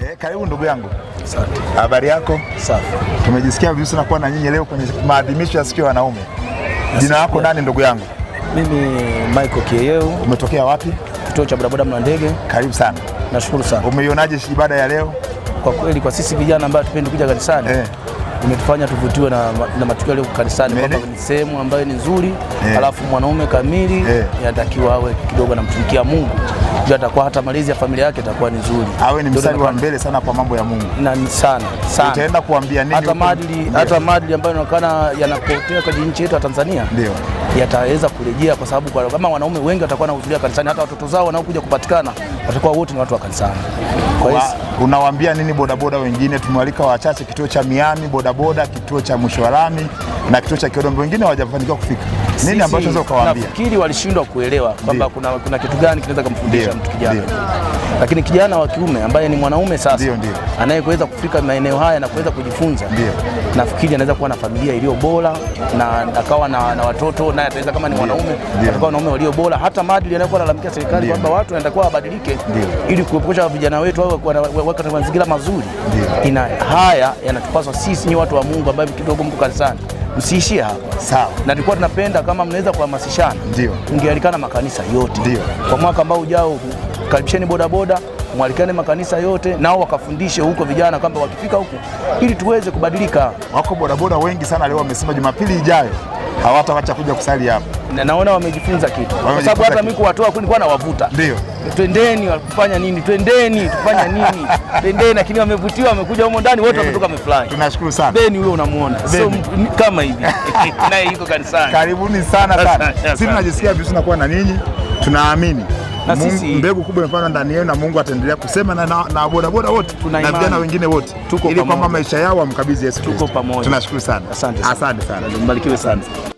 Eh, karibu ndugu yangu. Asante. Habari yako? Safi. Tumejisikia vizuri sana kuwa na nyinyi leo kwenye maadhimisho ya siku ya wanaume. Jina lako nani ndugu yangu? Mimi Michael Kieu. Umetokea wapi? Kituo cha bodaboda Mlandege. Karibu sana. Nashukuru sana. Umeionaje ibada ya leo? Kwa kweli kwa sisi vijana ambao tupendi kuja kanisani eh imetufanya tuvutiwe na, na matukio yaliyo kanisani kwamba ni sehemu ambayo ni nzuri yeah. Alafu mwanaume kamili inatakiwa eh. yeah. awe kidogo anamtumikia Mungu ndio atakuwa hata malezi ya familia yake itakuwa ni nzuri, awe ni mstari wa mbele sana kwa mambo ya Mungu na sana sana, utaenda kuambia nini hata maadili hata maadili ambayo yanaonekana yanapotea kwenye nchi yetu ya Tanzania ndio yataweza kurejea, kwa sababu kwa kama wanaume wengi watakuwa wanahudhuria kanisani, hata watoto zao wanaokuja kupatikana watakuwa wote ni watu wa kanisani. Kwa hiyo unawaambia nini bodaboda wengine? Tumewalika wachache, kituo cha Miami bodaboda, kituo cha mwisho wa lami na kituo cha kiodombo wengine hawajafanikiwa kufika. Nini ambacho unaweza ukawaambia? Nafikiri walishindwa kuelewa kwamba kuna, kuna kitu gani kinaweza kumfundisha mtu kijana lakini kijana wa kiume ambaye ni mwanaume sasa anayeweza kufika maeneo haya na kuweza kujifunza, nafikiri anaweza kuwa na familia iliyo bora na akawa na, na watoto naye ataweza kama ni mwanaume atakuwa wanaume walio bora. Hata maadili anayokuwa analalamikia serikali kwamba watu wanatakiwa wabadilike ili kuepusha vijana wetu wawe katika mazingira mazuri. Ina haya yanatupaswa sisi, ni watu wa Mungu ambao kidogo mko kanisani msiishie hapa sawa, na tulikuwa tunapenda kama mnaweza kuhamasishana, ndio ungealikana makanisa yote. Ndio kwa mwaka ambao ujao karibisheni bodaboda, mwalikane makanisa yote, nao wakafundishe huko vijana kwamba wakifika huku, ili tuweze kubadilika. Wako bodaboda wengi sana leo wamesema Jumapili ijayo hawatawacha kuja kusali hapa, na naona wamejifunza kitu, kwa sababu hata mimi kuwatoa kulikuwa nawavuta, ndio twendeni, kufanya nini, twendeni tufanya nini, twendeni. Lakini wamevutiwa, wamekuja humo ndani, wote eh, wametoka wamefurahi. Tunashukuru sana Beni, huyo unamuona so, kama hivi naye yuko kanisani. Karibuni sana sana, sisi tunajisikia vizuri na kuwa na ninyi, tunaamini na sisi mbegu kubwa imepandwa ndani yenu, na Mungu ataendelea kusema na bodaboda wote na vijana wengine wote, ili kwamba maisha yao wamkabidhi Yesu Kristo. Tunashukuru sana, asante sana, mbarikiwe sana.